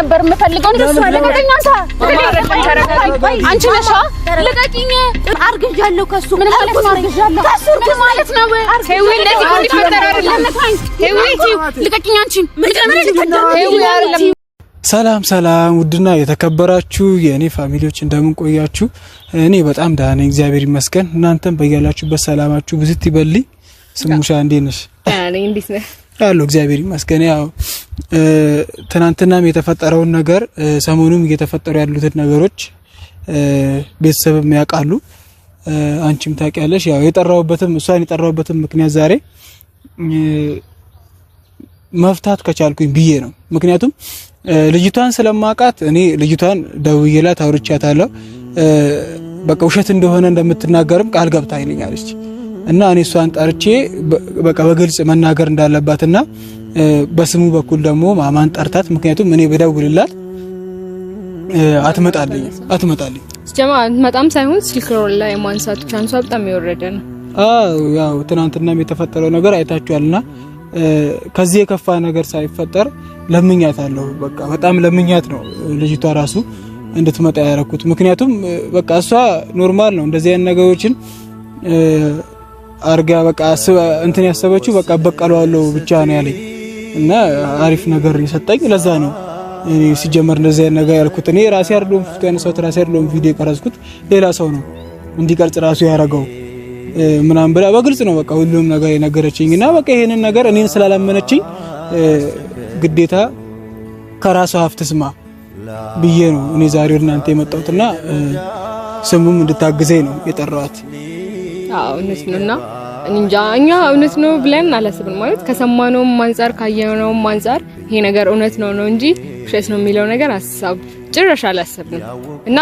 ነበር የምፈልገው። እንደሱ አለቀቀኝ። አንተ አንቺ ነሽ ልቀቂኝ። አርግዣለሁ ከሱ ምን ማለት ነው? አርግዣለሁ ከሱ ምን ማለት ነው? ሄዊ እንደዚህ ሁሉ ይፈጠር አይደለም። ሄዊ ልቀቂኝ። አንቺ ምን ማለት ሄዊ ሰላም ሰላም፣ ውድና የተከበራችሁ የእኔ ፋሚሊዎች እንደምን ቆያችሁ? እኔ በጣም ደህና ነኝ፣ እግዚአብሔር ይመስገን። እናንተም በያላችሁበት ሰላማችሁ ብዝት ይበልኝ። ስሙሻ እንዴት ነሽ? ያለው እግዚአብሔር ይመስገን። ያው ትናንትናም የተፈጠረውን ነገር ሰሞኑም እየተፈጠሩ ያሉትን ነገሮች ቤተሰብም ያውቃሉ፣ አንቺም ታውቂያለሽ። ያው የጠራሁበትም እሷን የጠራሁበትም ምክንያት ዛሬ መፍታት ከቻልኩኝ ብዬ ነው። ምክንያቱም ልጅቷን ስለማውቃት እኔ ልጅቷን ደውዬላት አውርቻታለሁ። በቃ ውሸት እንደሆነ እንደምትናገርም ቃል ገብታ ይለኛለች እና እኔ እሷን ጠርቼ በቃ በግልጽ መናገር እንዳለባትና በስሙ በኩል ደግሞ ማማን ጠርታት፣ ምክንያቱም እኔ በደውልላት አትመጣልኝ አትመጣልኝ ስጀማ አትመጣም ሳይሆን ስልክ ላይ የማንሳት ቻንሷ በጣም የወረደ ነው። አዎ ያው ትናንትናም የተፈጠረው ነገር አይታችኋልና ከዚህ የከፋ ነገር ሳይፈጠር ለምኛት አለሁ። በቃ በጣም ለምኛት ነው ልጅቷ ራሱ እንድትመጣ ያደረኩት። ምክንያቱም በቃ እሷ ኖርማል ነው እንደዚህ አይነት ነገሮችን አርጋ በቃ እንትን ያሰበችው በቃ በቀለዋለሁ ብቻ ነው ያለኝ እና አሪፍ ነገር የሰጠኝ ለዛ ነው። እኔ ሲጀመር እንደዚህ አይነት ነገር ያልኩት እኔ ራሴ አይደለሁም ፎቶ ያነሳሁት ራሴ አይደለሁም ቪዲዮ የቀረጽኩት ሌላ ሰው ነው እንዲቀርጽ ራሱ ያደረገው ምናምን ብላ በግልጽ ነው በቃ ሁሉም ነገር የነገረችኝ እና በቃ ይሄንን ነገር እኔን ስላላመነችኝ ግዴታ ከራሷ አፍ ብዬ ነው እኔ ዛሬ እናንተ የመጣሁትና ስሙም እንድታግዘኝ ነው የጠራዋት። እውነት ነው እና እንጃ እኛ እውነት ነው ብለን አላስብን። ማለት ከሰማነውም አንጻር ካየነውም አንጻር ይሄ ነገር እውነት ነው ነው እንጂ ውሸት ነው የሚለው ነገር አሳብ ጭራሽ አላሰብንም እና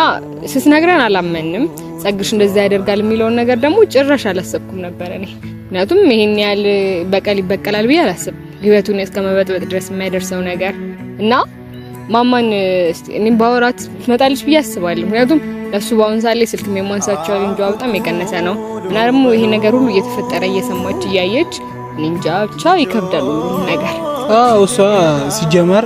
ስትነግረን አላመንም። ጸግሽ እንደዛ ያደርጋል የሚለውን ነገር ደግሞ ጭራሽ አላሰብኩም ነበር እኔ ምክንያቱም ይሄን ያህል በቀል ይበቀላል ብዬ አላስብም። ህይወቱን እስከ መበጥበጥ ድረስ የማይደርሰው ነገር እና ማማን እኔ ባወራት ትመጣለች ብዬ አስባለሁ ምክንያቱም ለሱ በአሁን ሳሌ ስልክ የሚያሟንሳቸው እንጂ በጣም የቀነሰ ነው። እና ደግሞ ይሄ ነገር ሁሉ እየተፈጠረ እየሰማች እያየች እንጃ ብቻ ይከብዳል ነገር። አዎ እሷ ሲጀመር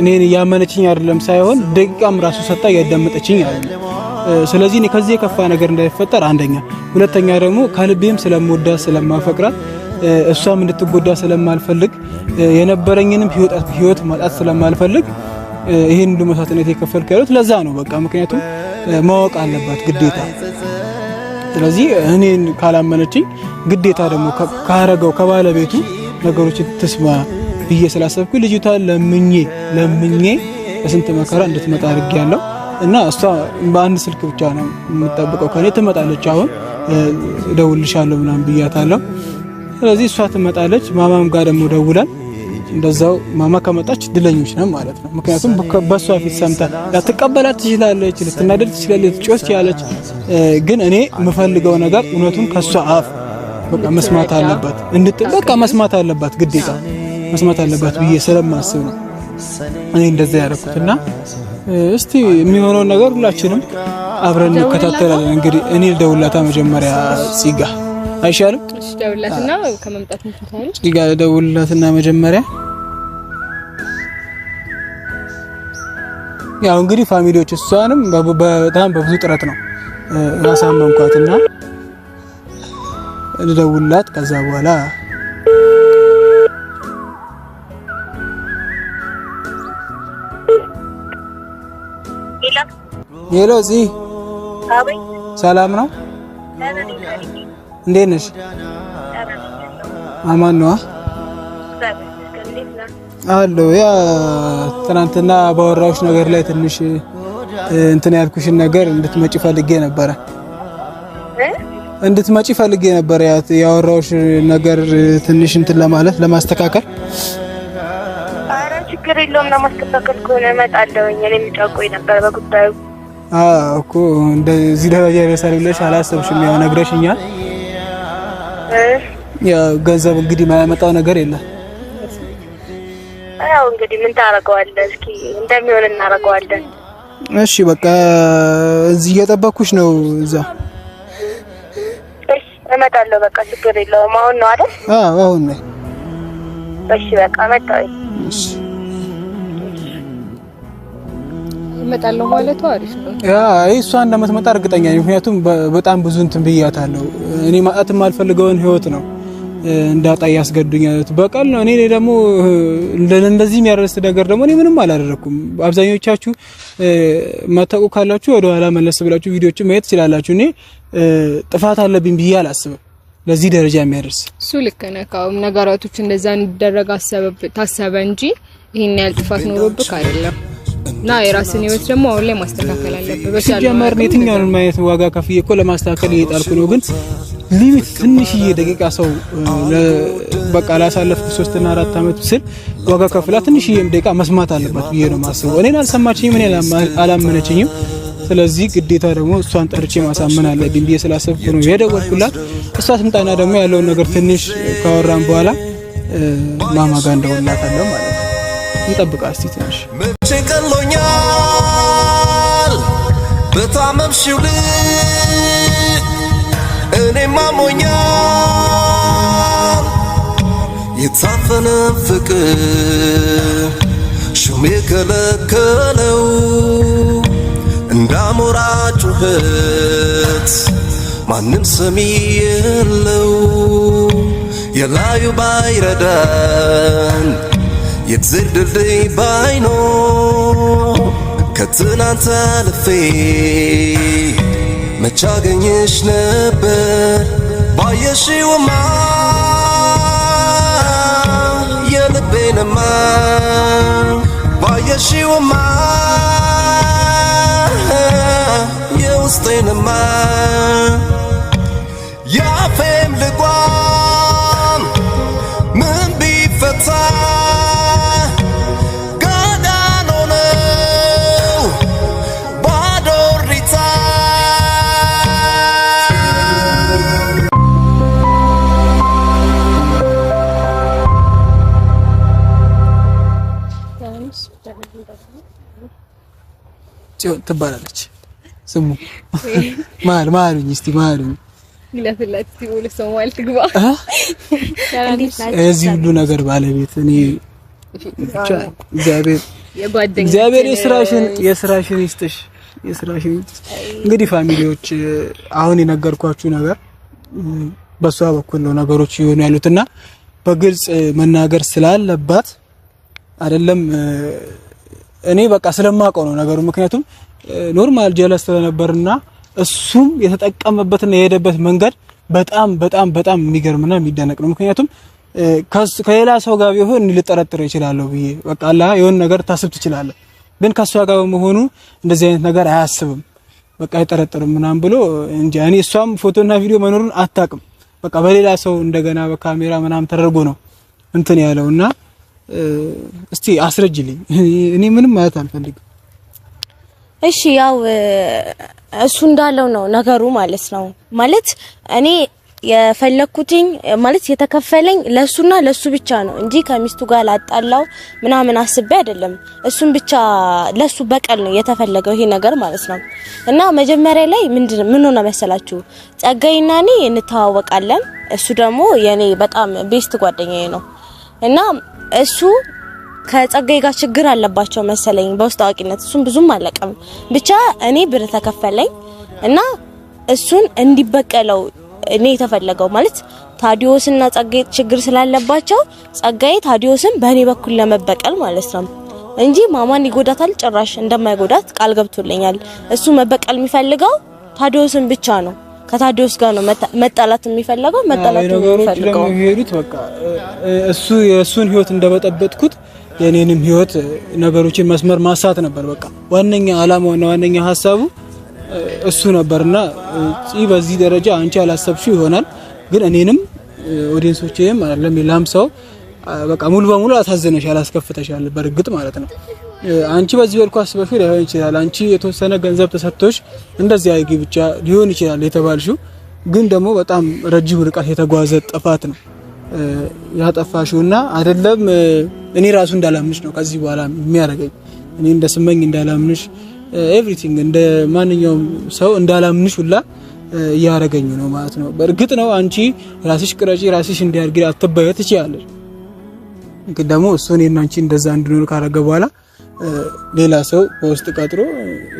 እኔን እያመነችኝ አይደለም ሳይሆን ደቂቃም ራሱ ሰጣ እያዳመጠችኝ አይደለም። ስለዚህ እኔ ከዚህ የከፋ ነገር እንዳይፈጠር አንደኛ፣ ሁለተኛ ደግሞ ከልቤም ስለምወዳት ስለማፈቅራት እሷም እንድትጎዳ ስለማልፈልግ የነበረኝንም ህይወት ማጣት ስለማልፈልግ ይሄን ሁሉ መስዋዕትነት የከፈልኩ ያሉት ለዛ ነው በቃ ምክንያቱም ማወቅ አለባት ግዴታ። ስለዚህ እኔን ካላመነችኝ ግዴታ ደግሞ ካረገው ከባለቤቱ ነገሮችን ትስማ ብዬ ስላሰብኩ ልጅቷ ለምኜ ለምኜ በስንት መከራ እንድትመጣ አድርጌያለሁ። እና እሷ በአንድ ስልክ ብቻ ነው የምጠብቀው ከኔ ትመጣለች፣ አሁን ደውልሻለሁ ምናምን ብያታለሁ። ስለዚህ እሷ ትመጣለች። ማማም ጋር ደግሞ ደውላል እንደዛው ማማ ከመጣች ድለኞች ነን ማለት ነው። ምክንያቱም በሷ ፊት ሰምታ ላትቀበላት ትችላለች፣ ልትናደድ ትችላለች፣ ጮስ ያለች ግን እኔ የምፈልገው ነገር እውነቱን ከሷ አፍ በቃ መስማት አለባት እንድትበቃ መስማት አለባት ግዴታ መስማት አለባት ብዬ ስለማስብ ነው እኔ እንደዛ ያደረኩትና እስቲ የሚሆነውን ነገር ሁላችንም አብረን እንከታተላለን። እንግዲህ እኔ ልደውላታ መጀመሪያ ሲጋ አይሻልም? እሺ ደውልላትና ከመምጣት እስኪ ጋር ደውልላትና መጀመሪያ ያው እንግዲህ ፋሚሊዎች እሷንም በጣም በብዙ ጥረት ነው አሳመንኳትና ልደውልላት ከዛ በኋላ ሄሎ፣ እዚህ ሰላም ነው? እንዴት ነሽ? አማን ነዋ አለሁ። ያ ትናንትና ባወራሁሽ ነገር ላይ ትንሽ እንትን ያልኩሽን ነገር እንድትመጪ ፈልጌ ነበረ እንድትመጪ ፈልጌ ነበረ። ያወራሁሽ ነገር ትንሽ እንትን ለማለት ለማስተካከል። ኧረ ችግር የለውም ለማስተካከል ከሆነ እመጣለሁ። እኔም ጨቆኝ ነበር በጉዳዩ እኮ እንደዚህ ደረጃ ይደርሳል ብለሽ አላሰብሽም። ያው ነግረሽኛል ያው ገንዘብ እንግዲህ የማያመጣው ነገር የለም። ያው እንግዲህ ምን ታደርገዋለህ? እስኪ እንደሚሆን እናደርገዋለን። እሺ በቃ እዚህ እየጠበኩሽ ነው። እዛ እሺ፣ እመጣለሁ። በቃ ችግር የለውም። አሁን ነው አይደል? አዎ፣ አሁን ነው። እሺ፣ በቃ እመጣለሁ። እሺ እመጣለሁ ማለቷ አሪፍ ነው። አይ እሷ እንደምትመጣ እርግጠኛ ነኝ፣ ምክንያቱም በጣም ብዙ እንትን ብያታለሁ። እኔ ማጣት የማልፈልገውን ህይወት ነው እንዳጣ ያስገዱኛል። በቀል ነው። እኔ ደግሞ እንደዚህ የሚያደርስ ነገር ደግሞ እኔ ምንም አላደረኩም። አብዛኞቻችሁ መተቁ ካላችሁ ወደ ኋላ መለስ ብላችሁ ቪዲዮችን ማየት ትችላላችሁ። እኔ ጥፋት አለብኝ ብዬ አላስብም። ለዚህ ደረጃ የሚያደርስ እሱ ልክ ነህ። ካሁን ነገራቶች እንደዛ እንዲደረግ ታሰበ እንጂ ይሄን ያህል ጥፋት ኖሮብክ አይደለም። እና የራስን ህይወት ደግሞ አሁን ላይ ማስተካከል አለበት። ሲጀመር የትኛውን ማየት ዋጋ ከፍዬ እኮ ለማስተካከል እየጣርኩ ነው፣ ግን ሊሚት ትንሽዬ ደቂቃ ሰው በቃ ላሳለፍኩ ሶስትና አራት አመት ስል ዋጋ ከፍላ ትንሽዬም ደቂቃ መስማት አለባት ብዬ ነው የማስበው። እኔን አልሰማችኝም፣ እኔ አላመነችኝም። ስለዚህ ግዴታ ደግሞ እሷን ጠርቼ ማሳመን አለብኝ ብዬ ስላሰብኩ ነው የደወልኩላት። እሷ ስምጣና ደግሞ ያለውን ነገር ትንሽ ካወራን በኋላ ማማጋ እንደውላታለሁ ማለት ነው። ይጠብቃል። እስቲ ትንሽ መቼ ቀሎኛል በታመምሽው ልክ እኔም አሞኛል የታፈነ ፍቅር ሹም የከለከለው እንዳሞራ ጩኸት ማንም ሰሚ የለው የላዩ ባይረዳን የትዝል ድልድይ ባይኖር ከትናንት አልፌ መቻገኝሽ ነበር ባየሽውማ የልቤንማ ባየሽውማ የውስጤንማ ጽዮን ትባላለች። ስሙ ማር ማሉኝ እስቲ ማሉኝ እዚህ ሁሉ ነገር ባለቤት እኔ ብቻ እግዚአብሔር እግዚአብሔር የስራሽን የስራሽን ይስጥሽ፣ የስራሽን ይስጥሽ። እንግዲህ ፋሚሊዎች አሁን የነገርኳችሁ ነገር በሷ በኩል ነው ነገሮች ይሆኑ ያሉትና በግልጽ መናገር ስላለባት አይደለም እኔ በቃ ስለማውቀው ነው ነገሩ። ምክንያቱም ኖርማል ጀለስ ስለነበርና እሱም የተጠቀመበትና የሄደበት መንገድ በጣም በጣም በጣም የሚገርምና የሚደነቅ ነው። ምክንያቱም ከሌላ ሰው ጋር ቢሆን ልጠረጥር ይችላለሁ ብዬ በቃ አላ የሆነ ነገር ታስብ ትችላለህ፣ ግን ከሷ ጋር በመሆኑ እንደዚህ አይነት ነገር አያስብም፣ በቃ አይጠረጥርም ምናምን ብሎ እንጂ እኔ እሷም ፎቶና ቪዲዮ መኖሩን አታውቅም። በቃ በሌላ ሰው እንደገና በካሜራ ምናምን ተደርጎ ነው እንትን ያለውና እስቲ አስረጅልኝ። እኔ ምንም ማለት አልፈልግም። እሺ ያው እሱ እንዳለው ነው ነገሩ ማለት ነው። ማለት እኔ የፈለኩትኝ ማለት የተከፈለኝ ለሱና ለሱ ብቻ ነው እንጂ ከሚስቱ ጋር ላጣላው ምናምን አስቤ አይደለም። እሱን ብቻ ለሱ በቀል ነው የተፈለገው ይሄ ነገር ማለት ነው። እና መጀመሪያ ላይ ምንድን ምን ሆነ መሰላችሁ? ጸጋይና እኔ እንተዋወቃለን። እሱ ደግሞ የኔ በጣም ቤስት ጓደኛዬ ነው እና እሱ ከጸጋዬ ጋር ችግር አለባቸው መሰለኝ በውስጥ አዋቂነት እሱን ብዙም አለቀም። ብቻ እኔ ብር ተከፈለኝ እና እሱን እንዲበቀለው እኔ የተፈለገው ማለት ታዲዮስና ጸጋዬ ችግር ስላለባቸው ጸጋዬ ታዲዮስን በእኔ በኩል ለመበቀል ማለት ነው እንጂ ማማን ይጎዳታል ጭራሽ እንደማይጎዳት ቃል ገብቶልኛል። እሱ መበቀል የሚፈልገው ታዲዮስን ብቻ ነው። ከታዲዮስ ጋር ነው መጣላት የሚፈልገው መጣላት ነገሮች ደግሞ የሚሄዱት በቃ እሱ የእሱን ህይወት እንደበጠበጥኩት የኔንም ህይወት ነገሮችን መስመር ማሳት ነበር። በቃ ዋነኛ አላማውና ዋነኛ ሀሳቡ እሱ ነበርና ፂ በዚህ ደረጃ አንቺ አላሰብሽው ይሆናል፣ ግን እኔንም ኦዲየንሶቼም አይደለም ሌላም ሰው በቃ ሙሉ በሙሉ አሳዝነሻል፣ አስከፍተሻል በእርግጥ ማለት ነው አንቺ በዚህ መልኩ አስበሽው ሊሆን ይችላል። አንቺ የተወሰነ ገንዘብ ተሰጥቶሽ እንደዚህ አይጊ ብቻ ሊሆን ይችላል የተባልሽው፣ ግን ደግሞ በጣም ረጅም ርቀት የተጓዘ ጥፋት ነው ያጠፋሽውና አይደለም እኔ ራሱ እንዳላምንሽ ነው ከዚህ በኋላ የሚያደርገኝ እኔ እንደ ስመኝ እንዳላምንሽ ኤቭሪቲንግ እንደ ማንኛውም ሰው እንዳላምንሽ ሁላ እያደረገኝ ነው ማለት ነው። በእርግጥ ነው አንቺ ራስሽ ቅረጪ፣ ራስሽ እንዲያድግ አትበየት ትችያለሽ። ግን ደግሞ እሱ እኔና አንቺ እንደዛ እንድኖር ካረገ በኋላ ሌላ ሰው በውስጥ ቀጥሮ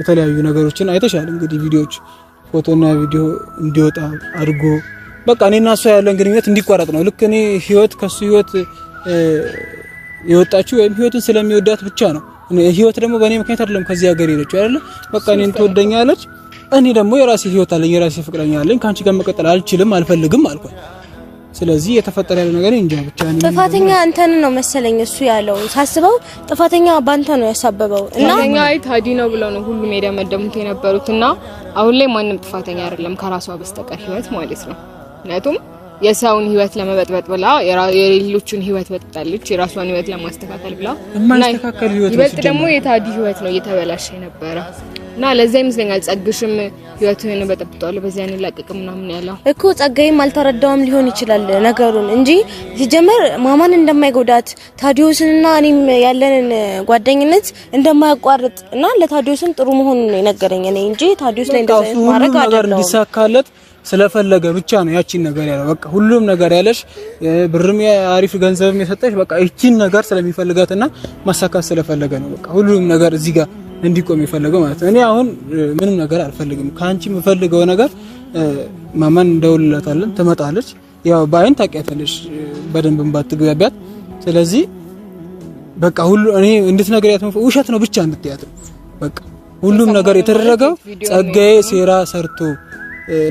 የተለያዩ ነገሮችን አይተሻል። እንግዲህ ቪዲዮዎች፣ ፎቶና ቪዲዮ እንዲወጣ አድርጎ በቃ እኔ እና እሷ ያለን ግንኙነት እንዲቋረጥ ነው። ልክ እኔ ህይወት ከሱ ህይወት የወጣችው ወይም ህይወትን ስለሚወዳት ብቻ ነው። ህይወት ደግሞ በእኔ ምክንያት አይደለም ከዚህ ሀገር ሄደችው አይደለ። በቃ እኔን ትወደኛለች፣ እኔ ደግሞ የራሴ ህይወት አለኝ፣ የራሴ ፍቅረኛ አለኝ፣ ከአንቺ ጋር መቀጠል አልችልም፣ አልፈልግም አልኳት። ስለዚህ የተፈጠረ ያለው ነገር እንጃ ብቻ ነው። ጥፋተኛ አንተን ነው መሰለኝ እሱ ያለው ሳስበው ጥፋተኛ ባንተ ነው ያሳበበው እና ጥፋተኛ ታዲ ነው ብለው ነው ሜዳ የደመደሙት የነበሩት እና አሁን ላይ ማንም ጥፋተኛ አይደለም ከራሷ በስተቀር ህይወት ማለት ነው። ምክንያቱም የሰውን ህይወት ለመበጥበጥ ብላ የሌሎቹን ህይወት በጥጣለች የራሷን ህይወት ለማስተካከል ብላ እና ይበልጥ ደግሞ የታዲ ህይወት ነው እየተበላሸ የነበረ እና ለዛ ይመስለኛል ጸግሽም ህይወትህን በጠብጠዋለሁ በዚያ ነው ላቀቅ ምናምን ያለው እኮ ጸጋዬም አልተረዳውም ሊሆን ይችላል ነገሩን እንጂ ሲጀመር ማማን እንደማይጎዳት ታዲዮስንና እኔም ያለንን ጓደኝነት እንደማያቋርጥ እና ለታዲዮስን ጥሩ መሆኑን ነው የነገረኝ እኔ እንጂ ታዲዮስ ላይ እንደዛ ማረግ አይደለም እንዲሳካለት ስለፈለገ ብቻ ነው ያቺን ነገር ያለው። በቃ ሁሉም ነገር ያለሽ ብርም አሪፍ ገንዘብም የሰጠሽ በቃ ይቺን ነገር ስለሚፈልጋትና ማሳካት ስለፈለገ ነው። በቃ ሁሉም ነገር እዚህ ጋር እንዲቆም የፈለገው ማለት ነው። እኔ አሁን ምንም ነገር አልፈልግም። ከአንቺ የምፈልገው ነገር ማማን እንደውልላታለን፣ ትመጣለች። ያው በአይን ታውቂያታለች በደንብ ባትግባቢያት። ስለዚህ በቃ ሁሉ እኔ እንድትነግሪያት ውሸት ነው ብቻ እንድትያት በቃ ሁሉም ነገር የተደረገው ጸጋዬ ሴራ ሰርቶ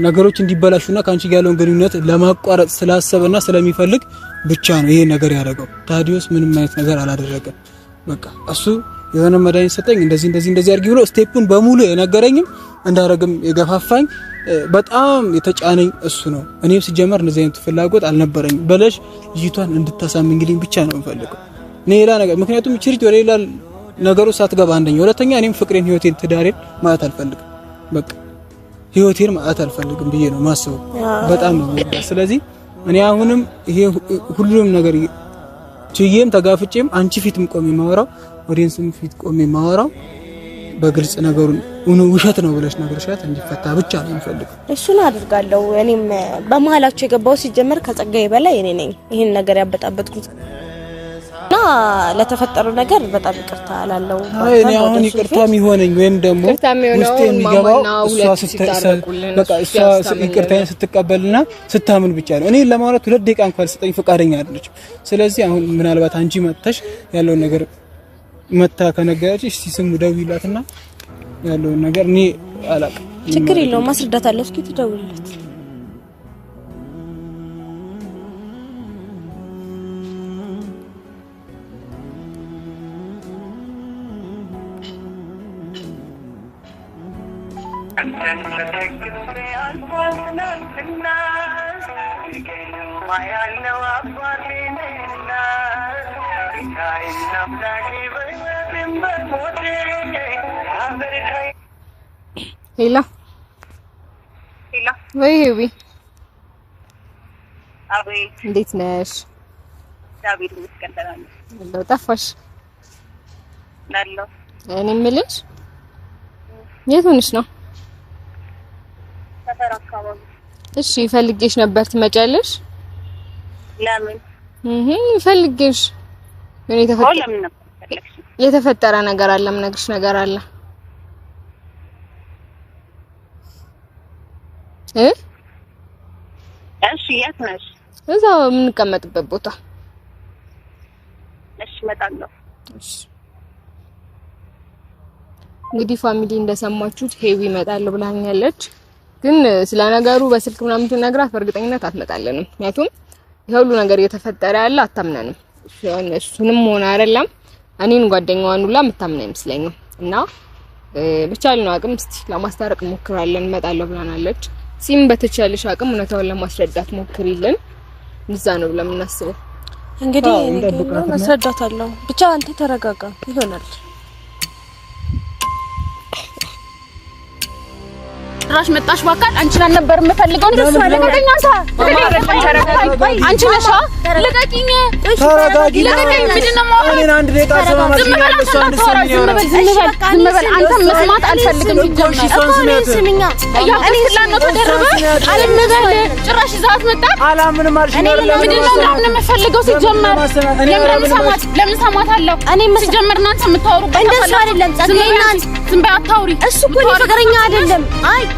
ነገሮች እንዲበላሹና ከአንቺ ጋር ያለውን ግንኙነት ለማቋረጥ ስላሰበና ስለሚፈልግ ብቻ ነው ይሄ ነገር ያደረገው። ታዲዮስ ምንም አይነት ነገር አላደረገም። በቃ እሱ የሆነ መድኃኒት ሰጠኝ፣ እንደዚህ እንደዚህ እንደዚህ አድርጊ ብሎ ስቴፑን በሙሉ የነገረኝም እንዳረግም የገፋፋኝ በጣም የተጫነኝ እሱ ነው። እኔም ሲጀመር እንደዚህ አይነት ፍላጎት አልነበረኝም። በለሽ ልጅቷን እንድታሳምንግልኝ ብቻ ነው የምፈልገው እኔ ሌላ ነገር ምክንያቱም ችሪት ወደ ሌላ ነገሩ ሳትገባ አንደኛ፣ ሁለተኛ እኔም ፍቅሬን፣ ህይወቴን፣ ትዳሬን ማለት አልፈልግም። በቃ ህይወቴን ማለት አልፈልግም ብዬ ነው ማስበው በጣም ነው። ስለዚህ እኔ አሁንም ይሄ ሁሉም ነገር ችዬም ተጋፍጬም አንቺ ፊት ቆሜ የማወራው ኦዲየንስም ፊት ቆሜ ማወራው በግልጽ ነገሩን ኡኑ ውሸት ነው ብለሽ ነግረሻት እንዲፈታ ብቻ ነው የምፈልገው። እሱን አድርጋለሁ። እኔም በመሀላቸው የገባው ሲጀመር ከጸጋዬ በላይ እኔ ነኝ ይህን ነገር ያበጣበጥኩት እና ለተፈጠረው ነገር በጣም ይቅርታ እላለሁ። እኔ አሁን ይቅርታ የሚሆነኝ ወይም ደግሞ ውስጤ የሚገባው በቃ እሷ ይቅርታዬን ስትቀበልና ስታምን ብቻ ነው። እኔ ለማውራት ሁለት ደቂቃ እንኳን ልሰጠኝ ፈቃደኛ አይደለች። ስለዚህ አሁን ምናልባት አንቺ መጥተሽ ያለውን ነገር መታ ከነገረች እስቲ ስሙ ደውይላትና ያለውን ነገር እኔ አላውቅም። ችግር የለውም ማስረዳት አለ። እስኪ ትደውልለት። ሄሎ ወይ ሄዊ፣ እንዴት ነሽ? እንደው ጠፋሽ። እኔ የምልሽ የት ሆነሽ ነው? እሺ፣ ፈልጌሽ ነበር። ትመጫለሽ? ለምን? እህ ፈልጌሽ የተፈጠረ ነገር አለ፣ የምነግርሽ ነገር አለ እ እሺ የት ነሽ? እዛው የምንቀመጥበት ቦታ። እሺ እመጣለሁ። እሺ እንግዲህ ፋሚሊ እንደሰማችሁት ሄዊ እመጣለሁ ብላኛለች። ግን ስለ ነገሩ በስልክ ምናምን ትነግራት በእርግጠኝነት አትመጣለንም። ምክንያቱም ይሄ ሁሉ ነገር እየተፈጠረ ያለ አታምናንም። ሲሆን እሱንም ሆነ አይደለም እኔን ጓደኛዋን ሁላ የምታምን አይመስለኝም። እና ብቻልን ነው አቅም እስቲ ለማስታረቅ ሞክራለን እመጣለሁ ብላናለች። ሲም በተቻለሽ አቅም እውነታውን ለማስረዳት ሞክሪልን። እዛ ነው ብለን የምናስበው። እንግዲህ ማስረዳት አለው። ብቻ አንተ ተረጋጋ ይሆናል ጥራሽ መጣሽ። ባካል አንቺን አልነበር የምፈልገው ነው። ለቀቀኝ አንቺ ነሽ። ለቀቂኝ፣ ተረጋጊ። ነው አንድ ዝም በል አንተ፣ መስማት አልፈልግም። ስሚኛ፣ ተደረበ አለም ነገር መጣ። ነው ሲጀመር ለምን ሰማት? ለምን ሰማት አለው። እኔ ዝም በይ አታውሪ። እሱ እኮ ፍቅረኛ አይደለም። አይ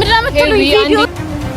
Mira me estoy que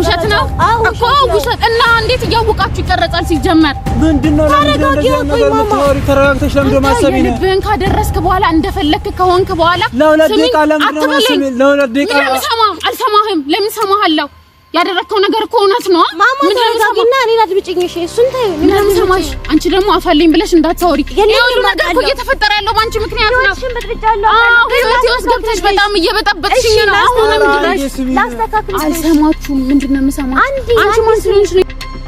ውሸት ነው እኮ ውሸት። እና እንዴት እያወቃችሁ ይቀረጻል? ሲጀመር ልብህን ካደረስክ በኋላ እንደፈለክ ከሆንክ በኋላ ለምን አልሰማህም? ለምን ሰማሃለሁ ያደረከው ነገር እኮ እውነት ነው። ምን ያደረጋግና እኔን አድምጪኝ እሺ። እሱን ታዩ ምንም ሰማሽ? አንቺ ደግሞ አፋልኝ ብለሽ እንዳታወሪ። ይሄን ነገር እኮ እየተፈጠረ ያለው በአንቺ ምክንያት ነው። እሺ በጥብጫለሁ። አዎ ህይወት ውስጥ ገብተሽ በጣም እየበጠበጥሽኝ ነው። አሁን ምንድነው? ላስተካክል። አልሰማችሁም። ምንድነው የምሰማው? አንቺ ማን ስለሆንሽ ነው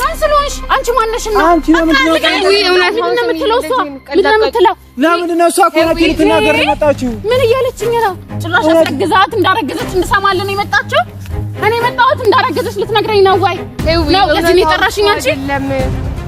ማን ስለሆንሽ አንቺ ማነሽና? አንቺ ለምን ነው እሷ ምንድን ነው ልትናገር የመጣችው? ምን እያለችኝ ነው? ጭራሽ አስረግዛት እንዳረገዘች እንድሰማለን ነው የመጣችው። እኔ የመጣሁት እንዳረገዘች ልትነግረኝ ነው ወይ ነው? ለዚህ ነው የጠራሽኝ አንቺ?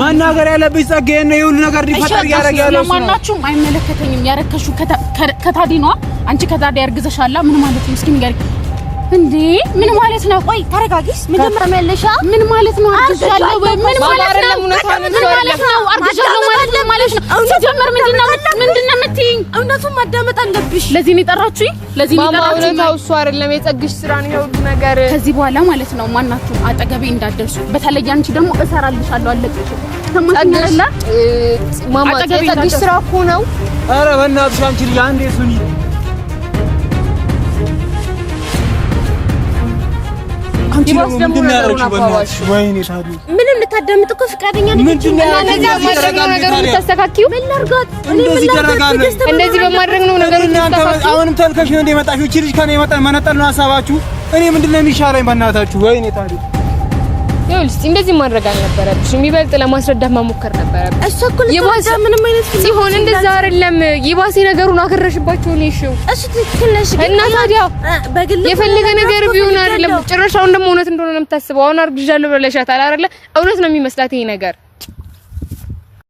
መናገር ያለብኝ ጸጋዬ ነው። የሁሉ ነገር ሊፈጠር እያደረገ ያለው እሱ ነው። ማናችሁም አይመለከተኝም። ያረከሹ ከታዲ ነው። አንቺ ከታዲ ያርግዘሻላ ምን ማለት ነው? እስኪ ንገሪኝ እንዴ ምን ማለት ነው? ቆይ ተረጋጊ። መጀመሪያ መልሻ ምን ማለት ነው? አርግሻለሁ ወይ ምን ማለት ነው? ምን ማለት ነው? አርግሻለሁ ማለት ነው ማለት ነው። ሲጀመር ምንድን ነው ምንድን ነው የምትይኝ? እውነቱን ማዳመጥ አለብሽ። ለዚህ ነው የጠራችሁኝ። ለዚህ ነው የጠራችሁኝ። እውነታው እሱ አይደለም፣ የጸግሽ ስራ ነው ይሄ ነገር። ከዚህ በኋላ ማለት ነው ማናችሁም አጠገቤ እንዳትደርሱ። በተለይ አንቺ ደግሞ እሰራልሻለሁ አለቅሽ ተማስነላ ማማ የጸግሽ ስራ እኮ ነው። ኧረ በእናትሽ አንቺ ልጅ አንዴ ሱኒ ምንድን ነው ምንም ልታዳምጥ እኮ ፍቃደኛ እንደዚህ በማድረግ ነው አሁንም ተልከሽ ነው ልጅ ከኔ መነጠል ነው ሀሳባችሁ። እኔ ምንድን ነው የሚሻለኝ? በእናታችሁ ወይኔ ታዲያ ይኸውልሽ እንደዚህ ማድረግ አልነበረብሽም። ይበልጥ ለማስረዳት መሞከር ነበረብሽ። እሷ እኮ ምንም አይነት ሲሆን እንደዛ አይደለም። ነገሩን አከረሽባችሁ ነው። እሱ ትክክል ነሽ። እና ታዲያ የፈለገ ነገር ቢሆን አይደለም ጭራሽ አሁን ደግሞ እውነት እንደሆነ ነው የምታስበው። አሁን አርግዣለሁ ብለሻታል አይደለ? እውነት ነው የሚመስላት ይሄ ነገር